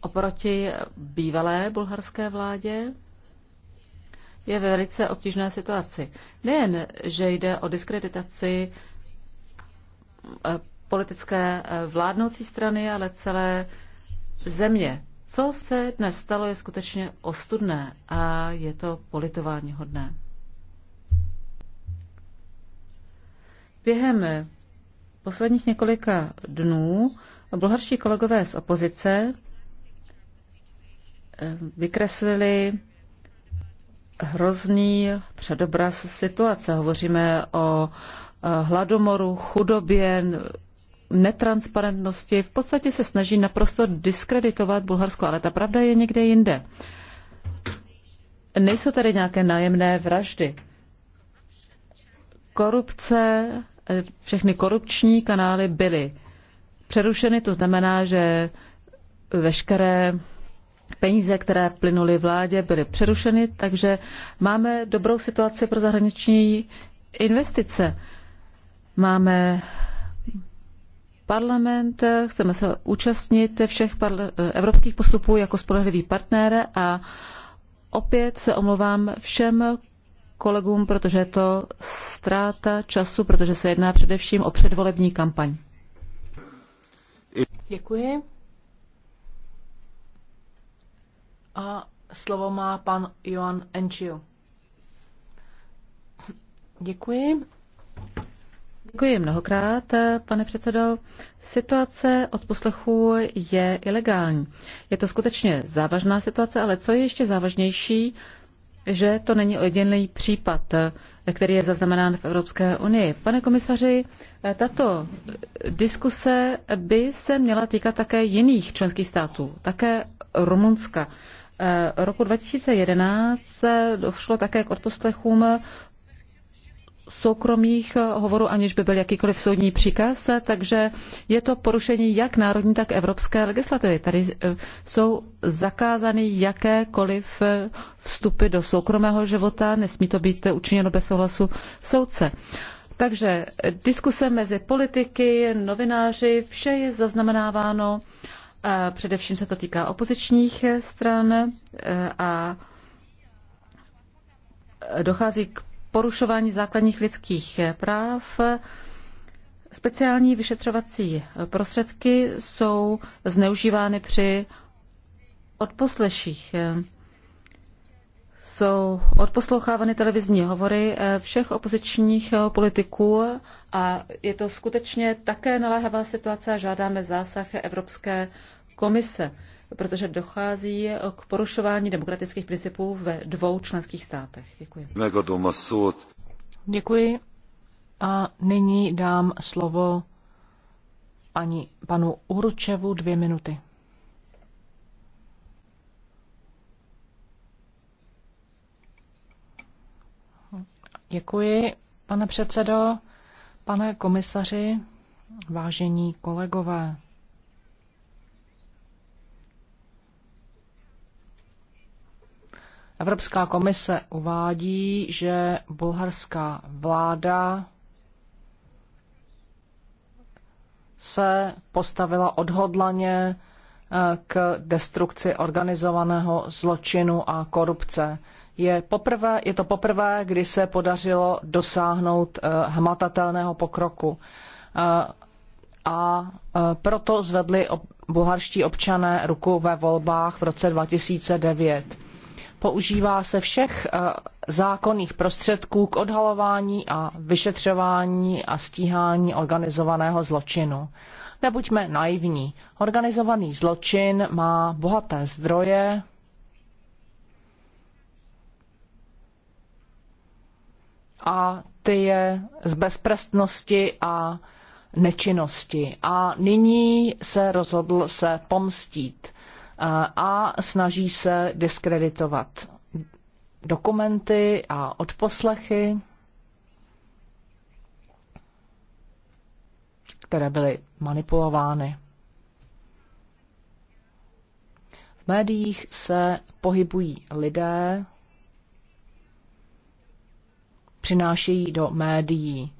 oproti bývalé bulharské vládě je ve velice obtížné situaci. Nejen, že jde o diskreditaci eh, politické eh, vládnoucí strany, ale celé země. Co se dnes stalo, je skutečně ostudné a je to politování hodné. Během posledních několika dnů bulharští kolegové z opozice eh, vykreslili hrozný předobraz situace. Hovoříme o eh, hladomoru, chudobě, netransparentnosti. V podstatě se snaží naprosto diskreditovat Bulharsko, ale ta pravda je někde jinde. Nejsou tady nějaké nájemné vraždy. Korupce, eh, všechny korupční kanály byly přerušeny, to znamená, že veškeré peníze, které plynuly vládě, byly přerušeny, takže máme dobrou situaci pro zahraniční investice. Máme parlament, chceme se účastnit všech evropských postupů jako spolehlivý partner a opět se omlouvám všem kolegům, protože je to ztráta času, protože se jedná především o předvolební kampaň. Děkuji. A slovo má pan Joan Enchiu. Děkuji. Děkuji mnohokrát, pane předsedo. Situace odposlechu je ilegální. Je to skutečně závažná situace, ale co je ještě závažnější, že to není jediný případ, který je zaznamenán v Evropské unii. Pane komisaři, tato diskuse by se měla týkat také jiných členských států, také Rumunska. E, roku 2011 došlo také k odposlechům soukromých eh, hovorů, aniž by byl jakýkoliv soudní příkaz, eh, takže je to porušení jak národní, tak evropské legislativy. Tady eh, jsou zakázány jakékoliv vstupy do soukromého života, nesmí to být učiněno bez souhlasu soudce. Takže diskuse mezi politiky, novináři, vše je zaznamenáváno. Především se to týká opozičních stran a dochází k porušování základních lidských práv. Speciální vyšetřovací prostředky jsou zneužívány při odposleších. Jsou odposlouchávány televizní hovory všech opozičních politiků a je to skutečně také naléhavá situace a žádáme zásah Evropské komise protože dochází k porušování demokratických principů ve dvou členských státech. Děkuji. Děkuji. A nyní dám slovo paní, panu Uručevu dvě minuty. Děkuji, pane předsedo, pane komisaři, vážení kolegové. Evropská komise uvádí, že bulharská vláda se postavila odhodlaně eh, k destrukci organizovaného zločinu a korupce. Je, poprvé, je to poprvé, kdy se podařilo dosáhnout eh, hmatatelného pokroku. Eh, a proto zvedli bulharští občané ruku ve volbách v roce 2009 používá se všech eh, zákonných prostředků k odhalování a vyšetřování a stíhání organizovaného zločinu. Nebuďme naivní. Organizovaný zločin má bohaté zdroje, a ty je z bezprestnosti a nečinnosti. A nyní se rozhodl se pomstít a snaží se diskreditovat dokumenty a odposlechy, které byly manipulovány. V médiích se pohybují lidé, přinášejí do médií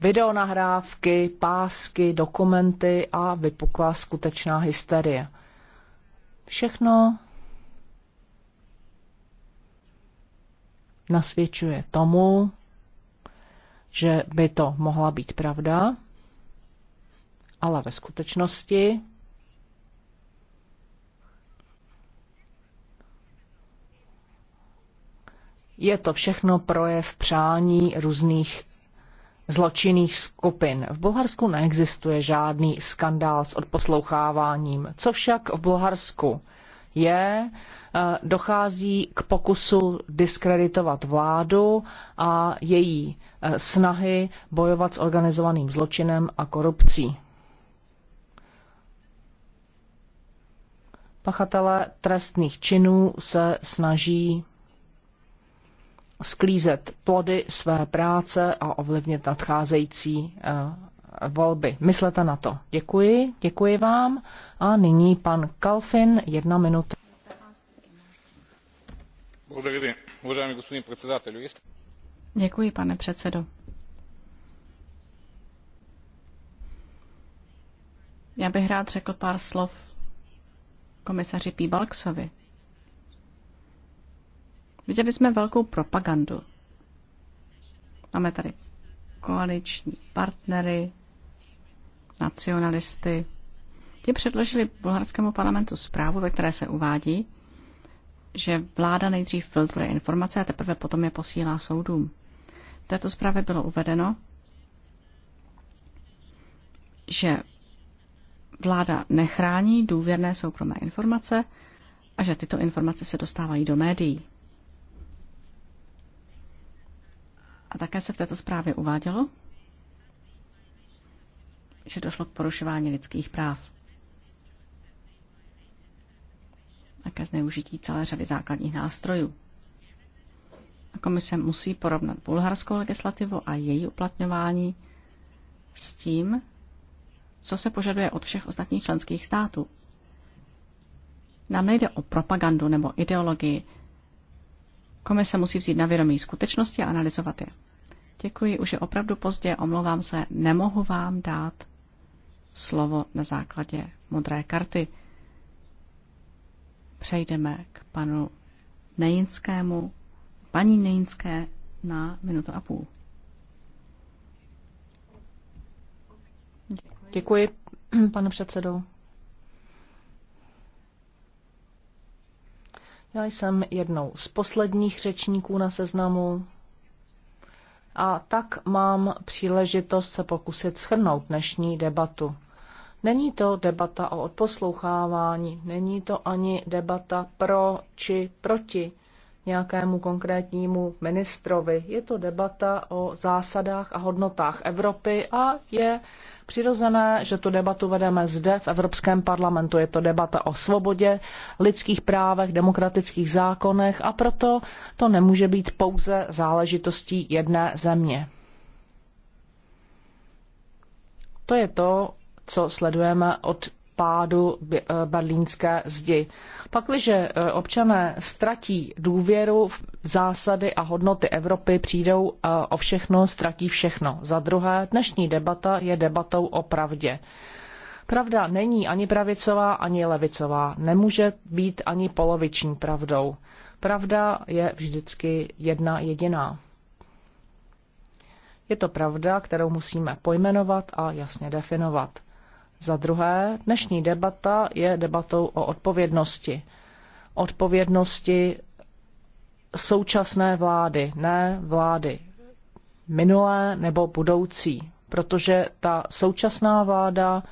videonahrávky, pásky, dokumenty a vypukla skutečná hysterie. Všechno nasvědčuje tomu, že by to mohla být pravda, ale ve skutečnosti je to všechno projev přání různých zločinných skupin. V Bulharsku neexistuje žádný skandál s odposloucháváním. Co však v Bulharsku je, eh, dochází k pokusu diskreditovat vládu a její eh, snahy bojovat s organizovaným zločinem a korupcí. Pachatele trestných činů se snaží sklízet plody své práce a ovlivnit nadcházející eh, volby. Myslete na to. Děkuji, děkuji vám. A nyní pan Kalfin, jedna minuta. Děkuji, pane předsedo. Já bych rád řekl pár slov komisaři Píbalksovi. Viděli jsme velkou propagandu. Máme tady koaliční partnery, nacionalisty. Ti předložili bulharskému parlamentu zprávu, ve které se uvádí, že vláda nejdřív filtruje informace a teprve potom je posílá soudům. V této zprávě bylo uvedeno, že vláda nechrání důvěrné soukromé informace a že tyto informace se dostávají do médií. A také se v této zprávě uvádělo, že došlo k porušování lidských práv. Také zneužití celé řady základních nástrojů. A komise musí porovnat bulharskou legislativu a její uplatňování s tím, co se požaduje od všech ostatních členských států. Nám nejde o propagandu nebo ideologii, Komise musí vzít na vědomí skutečnosti a analyzovat je. Děkuji, už je opravdu pozdě, omlouvám se, nemohu vám dát slovo na základě modré karty. Přejdeme k panu Nejinskému, paní Nejinské na minutu a půl. Děkuji, pane předsedo. Já jsem jednou z posledních řečníků na seznamu a tak mám příležitost se pokusit shrnout dnešní debatu. Není to debata o odposlouchávání, není to ani debata pro či proti nějakému konkrétnímu ministrovi. Je to debata o zásadách a hodnotách Evropy a je přirozené, že tu debatu vedeme zde v Evropském parlamentu. Je to debata o svobodě, lidských právech, demokratických zákonech a proto to nemůže být pouze záležitostí jedné země. To je to, co sledujeme od pádu eh, berlínské zdi. Pakliže eh, občané ztratí důvěru v zásady a hodnoty Evropy, přijdou eh, o všechno, ztratí všechno. Za druhé, dnešní debata je debatou o pravdě. Pravda není ani pravicová, ani levicová. Nemůže být ani poloviční pravdou. Pravda je vždycky jedna jediná. Je to pravda, kterou musíme pojmenovat a jasně definovat. Za druhé, dnešní debata je debatou o odpovědnosti. Odpovědnosti současné vlády, ne vlády minulé nebo budoucí, protože ta současná vláda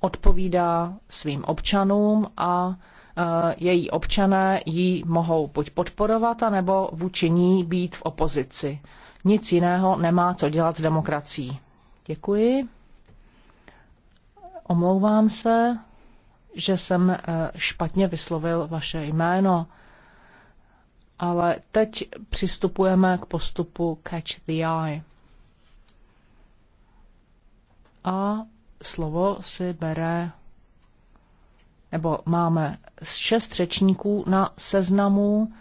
odpovídá svým občanům a e, její občané ji mohou buď podporovat, anebo vůči ní být v opozici. Nic jiného nemá co dělat s demokracií. Děkuji. Omlouvám se, že jsem eh, špatně vyslovil vaše jméno, ale teď přistupujeme k postupu Catch the Eye. A slovo si bere, nebo máme šest řečníků na seznamu.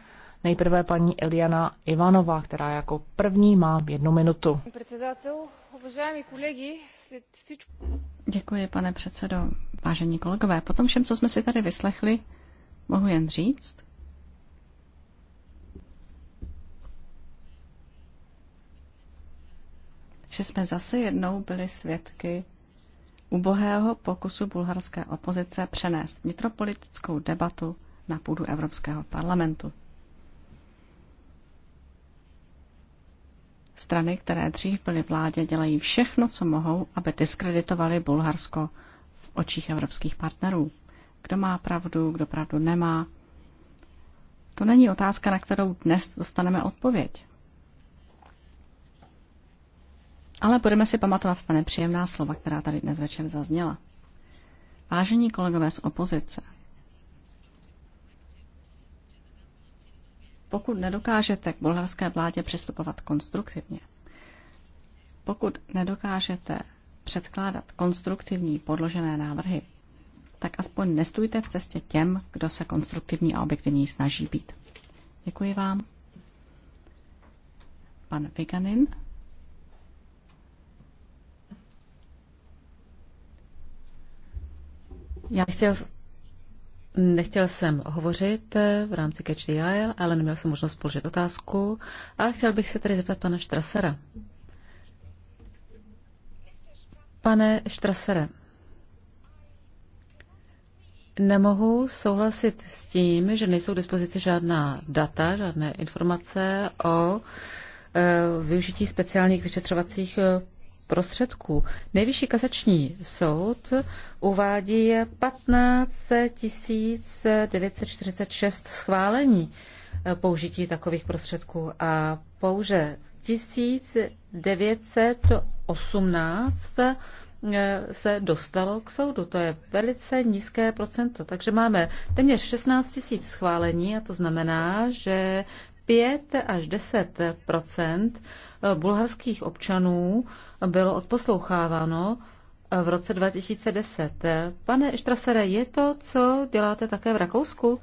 Nejprve paní Eliana Ivanová, která jako první má jednu minutu. Předsedatel, уважаеми Děkuji, pane předsedo. Vážení kolegové, po tom všem, co jsme si tady vyslechli, mohu jen říct, že jsme zase jednou byli svědky ubohého pokusu bulharské opozice přenést vnitropolitickou debatu na půdu Evropského parlamentu. Strany, které dřív byly vládě, dělají všechno, co mohou, aby diskreditovali Bulharsko v očích evropských partnerů. Kdo má pravdu, kdo pravdu nemá. To není otázka, na kterou dnes dostaneme odpověď. Ale budeme si pamatovat ta nepříjemná slova, která tady dnes večer zazněla. Vážení kolegové z opozice, pokud nedokážete k bulharské vládě přistupovat konstruktivně, pokud nedokážete předkládat konstruktivní podložené návrhy, tak aspoň nestůjte v cestě těm, kdo se konstruktivní a objektivní snaží být. Děkuji vám. Pan Viganin. Já bych chtěl Nechtěl jsem hovořit eh, v rámci Catch the Isle, ale neměl jsem možnost položit otázku. A chtěl bych se tedy zeptat pana Štrasera. Pane Štrasere, nemohu souhlasit s tím, že nejsou k dispozici žádná data, žádné informace o eh, využití speciálních vyšetřovacích eh, prostředků. Nejvyšší kasační soud uvádí 15 946 schválení eh, použití takových prostředků a pouze 1918 eh, se dostalo k soudu. To je velice nízké procento. Takže máme téměř 16 000 schválení a to znamená, že 5 až 10 eh, bulharských občanů bylo odposloucháváno eh, v roce 2010. Eh, Pane Štrasere, je to, co děláte také v Rakousku?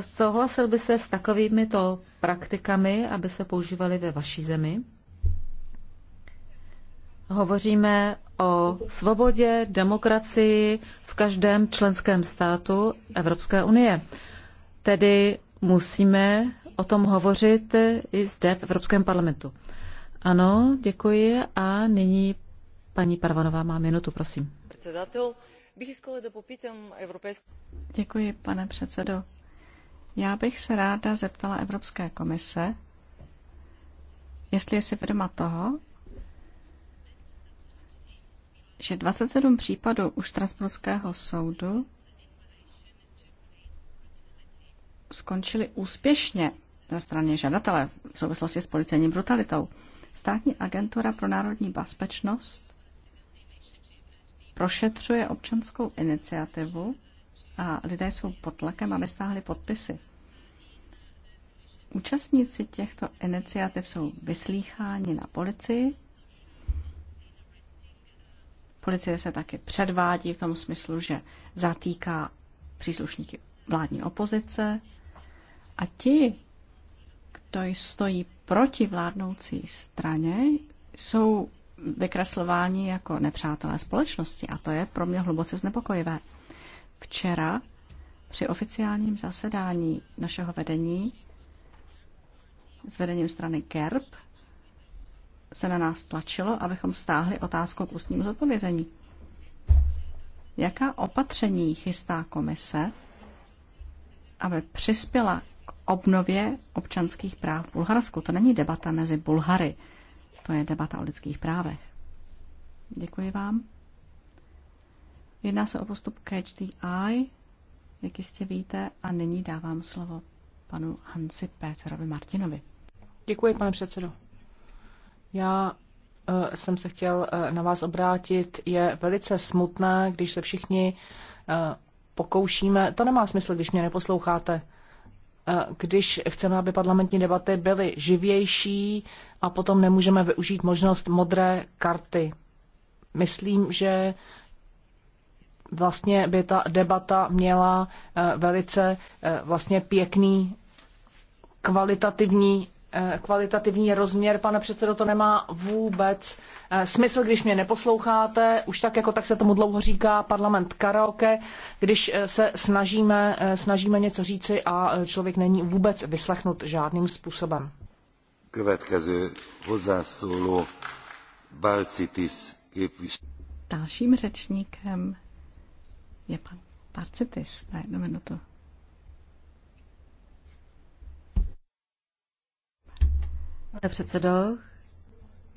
Souhlasil byste s takovými to praktikami, aby se používaly ve vaší zemi? Hovoříme o svobodě, demokracii v každém členském státu Evropské unie. Tedy musíme o tom hovořit i zde v Evropském parlamentu. Ano, děkuji a nyní paní Parvanová má minutu, prosím. Děkuji, pane předsedo. Já bych se ráda zeptala Evropské komise, jestli je si vědoma toho, že 27 případů u Štrasburského soudu skončili úspěšně na straně žadatele v souvislosti s policejní brutalitou. Státní agentura pro národní bezpečnost prošetřuje občanskou iniciativu a lidé jsou pod tlakem, aby stáhli podpisy. Účastníci těchto iniciativ jsou vyslýcháni na policii. Policie se taky předvádí v tom smyslu, že zatýká příslušníky vládní opozice a ti, to stojí proti vládnoucí straně, jsou vykreslováni jako nepřátelé společnosti a to je pro mě hluboce znepokojivé. Včera při oficiálním zasedání našeho vedení s vedením strany GERB se na nás tlačilo, abychom stáhli otázku k ústnímu zodpovězení. Jaká opatření chystá komise, aby přispěla obnově občanských práv v Bulharsku. To není debata mezi Bulhary, to je debata o lidských právech. Děkuji vám. Jedná se o postup Catch jak jistě víte, a nyní dávám slovo panu Hansi Péterovi Martinovi. Děkuji, pane předsedo. Já uh, jsem se chtěl uh, na vás obrátit. Je velice smutné, když se všichni uh, pokoušíme. To nemá smysl, když mě neposloucháte. Uh, když chceme, aby parlamentní debaty byly živější a potom nemůžeme využít možnost modré karty. Myslím, že vlastně by ta debata měla eh, velice eh, vlastně pěkný kvalitativní Eh, kvalitativní rozměr, pane předsedo, to nemá vůbec eh, smysl, když mě neposloucháte. Už tak jako tak se tomu dlouho říká parlament karaoke, když eh, se snažíme, snažíme něco říci a člověk není vůbec vyslechnut žádným způsobem. Dalším řečníkem je pan Balcitis. Na jednu minutu. Pane předsedo,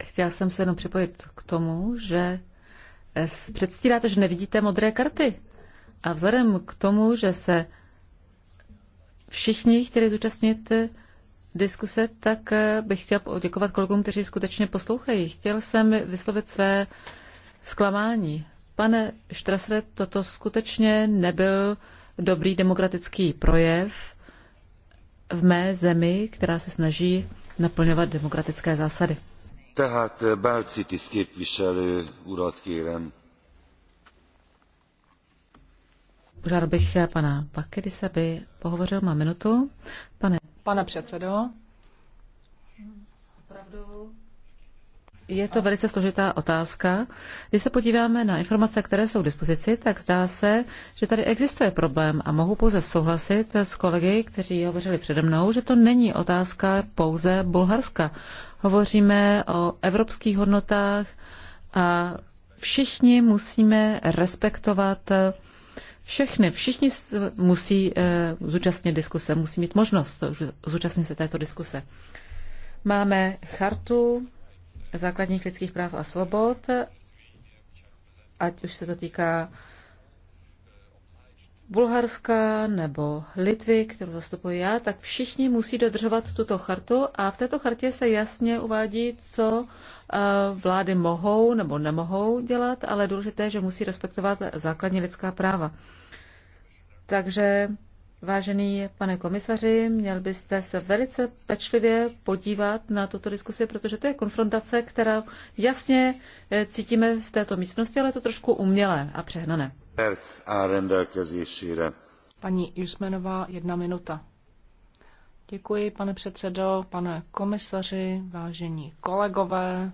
chtěla jsem se jenom připojit k tomu, že eh, předstíráte, že nevidíte modré karty. A vzhledem k tomu, že se všichni chtěli zúčastnit eh, diskuse, tak eh, bych chtěl poděkovat kolegům, kteří skutečně poslouchají. Chtěl jsem vyslovit své zklamání. Pane Štrasre, toto skutečně nebyl dobrý demokratický projev v mé zemi, která se snaží naplňovat demokratické zásady. Tehát eh, Balcitis képviselő urat kérem. Požádal bych eh, pana Bakedis, aby pohovořil. Má minutu. Pane, Pane předsedo. Opravdu je to velice složitá otázka. Když se podíváme na informace, které jsou k dispozici, tak zdá se, že tady existuje problém a mohu pouze souhlasit s kolegy, kteří hovořili přede mnou, že to není otázka pouze Bulharska. Hovoříme o evropských hodnotách a všichni musíme respektovat všechny, všichni musí eh, zúčastnit diskuse, musí mít možnost zúčastnit se této diskuse. Máme chartu základních lidských práv a svobod, ať už se to týká Bulharska nebo Litvy, kterou zastupuji já, tak všichni musí dodržovat tuto chartu a v této chartě se jasně uvádí, co eh, vlády mohou nebo nemohou dělat, ale důležité, že musí respektovat základní lidská práva. Takže Vážený pane komisaři, měl byste se velice pečlivě podívat na tuto diskusi, protože to je konfrontace, která jasně eh, cítíme v této místnosti, ale je to trošku umělé a přehnané. Paní Jusmenová, jedna minuta. Děkuji, pane předsedo, pane komisaři, vážení kolegové.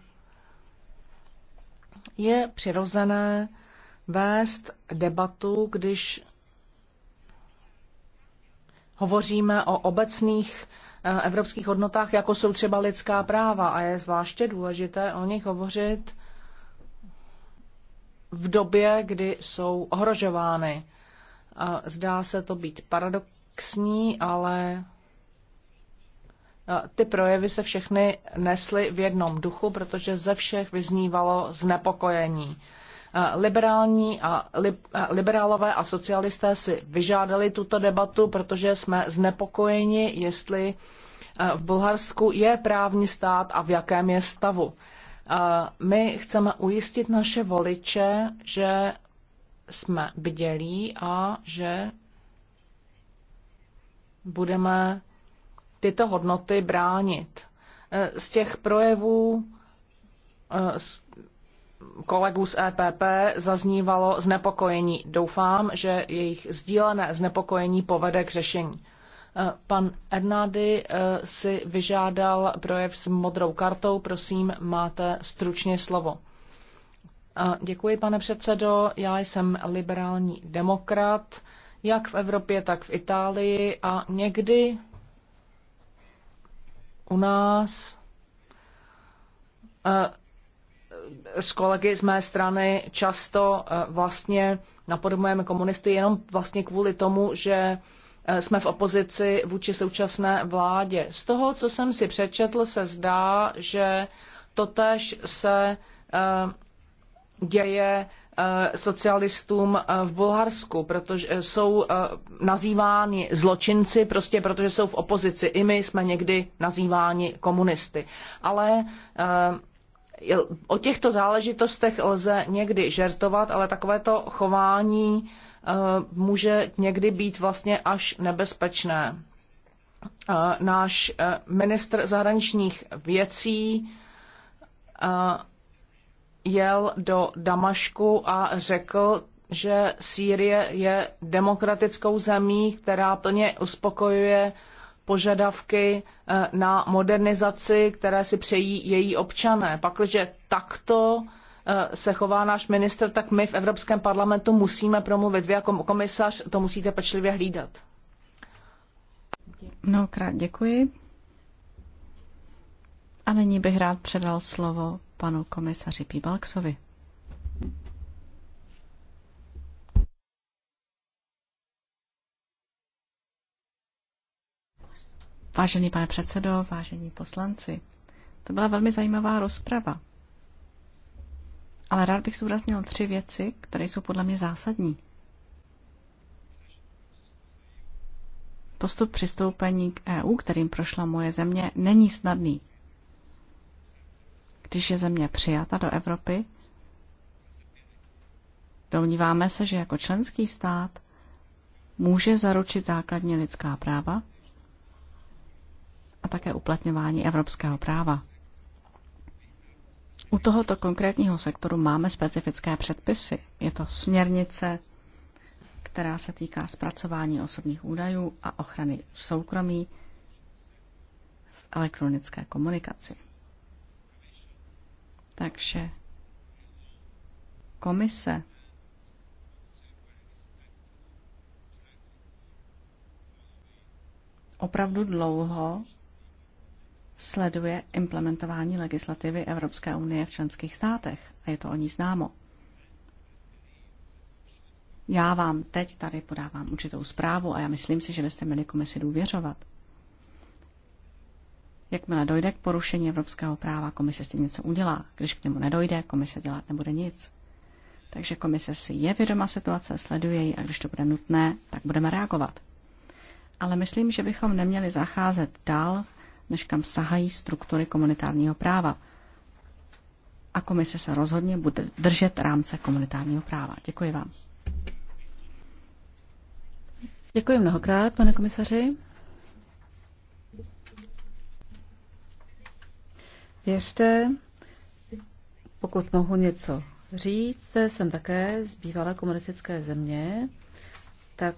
Je přirozené vést debatu, když hovoříme o obecných eh, evropských hodnotách, jako jsou třeba lidská práva a je zvláště důležité o nich hovořit v době, kdy jsou ohrožovány. Zdá se to být paradoxní, ale eh, ty projevy se všechny nesly v jednom duchu, protože ze všech vyznívalo znepokojení. Eh, liberální a li, eh, liberálové a socialisté si vyžádali tuto debatu, protože jsme znepokojeni, jestli eh, v Bulharsku je právní stát a v jakém je stavu. My chceme ujistit naše voliče, že jsme bdělí a že budeme tyto hodnoty bránit. Z těch projevů kolegů z EPP zaznívalo znepokojení. Doufám, že jejich sdílené znepokojení povede k řešení. Eh, pan Ernády eh, si vyžádal projev s modrou kartou. Prosím, máte stručně slovo. Eh, děkuji, pane předsedo. Já jsem liberální demokrat, jak v Evropě, tak v Itálii a někdy u nás s kolegy z mé strany často eh, vlastně napodobujeme komunisty jenom vlastně kvůli tomu, že eh, jsme v opozici vůči současné vládě. Z toho, co jsem si přečetl, se zdá, že totež se eh, děje socialistům v Bulharsku, protože jsou nazýváni zločinci prostě protože jsou v opozici. I my jsme někdy nazýváni komunisty. Ale O těchto záležitostech lze někdy žertovat, ale takovéto chování eh, může někdy být vlastně až nebezpečné. Eh, náš eh, ministr zahraničních věcí jel do Damašku a řekl, že Sýrie je demokratickou zemí, která plně uspokojuje požadavky eh, na modernizaci, které si přejí její občané. Pakliže takto eh, se chová náš ministr, tak my v Evropském parlamentu musíme promluvit. Vy jako komisař to musíte pečlivě hlídat. Mnohokrát děkuji. A nyní bych rád předal slovo panu komisaři Píbalksovi. Vážený pane předsedo, vážení poslanci, to byla velmi zajímavá rozprava. Ale rád bych zúraznil tři věci, které jsou podle mě zásadní. Postup přistoupení k EU, kterým prošla moje země, není snadný. Když je země přijata do Evropy, domníváme se, že jako členský stát může zaručit základní lidská práva, a také uplatňování evropského práva. U tohoto konkrétního sektoru máme specifické předpisy. Je to směrnice, která se týká zpracování osobních údajů a ochrany soukromí v elektronické komunikaci. Takže komise opravdu dlouho sleduje implementování legislativy Evropské unie v členských státech a je to o ní známo. Já vám teď tady podávám určitou zprávu a já myslím si, že byste měli komisi důvěřovat. Jakmile dojde k porušení evropského práva, komise s tím něco udělá. Když k němu nedojde, komise dělat nebude nic. Takže komise si je vědoma situace, sleduje ji a když to bude nutné, tak budeme reagovat. Ale myslím, že bychom neměli zacházet dál než kam sahají struktury komunitárního práva. A komise se rozhodně bude držet rámce komunitárního práva. Děkuji vám. Děkuji mnohokrát, pane komisaři. Věřte, pokud mohu něco říct, jsem také z bývalé komunistické země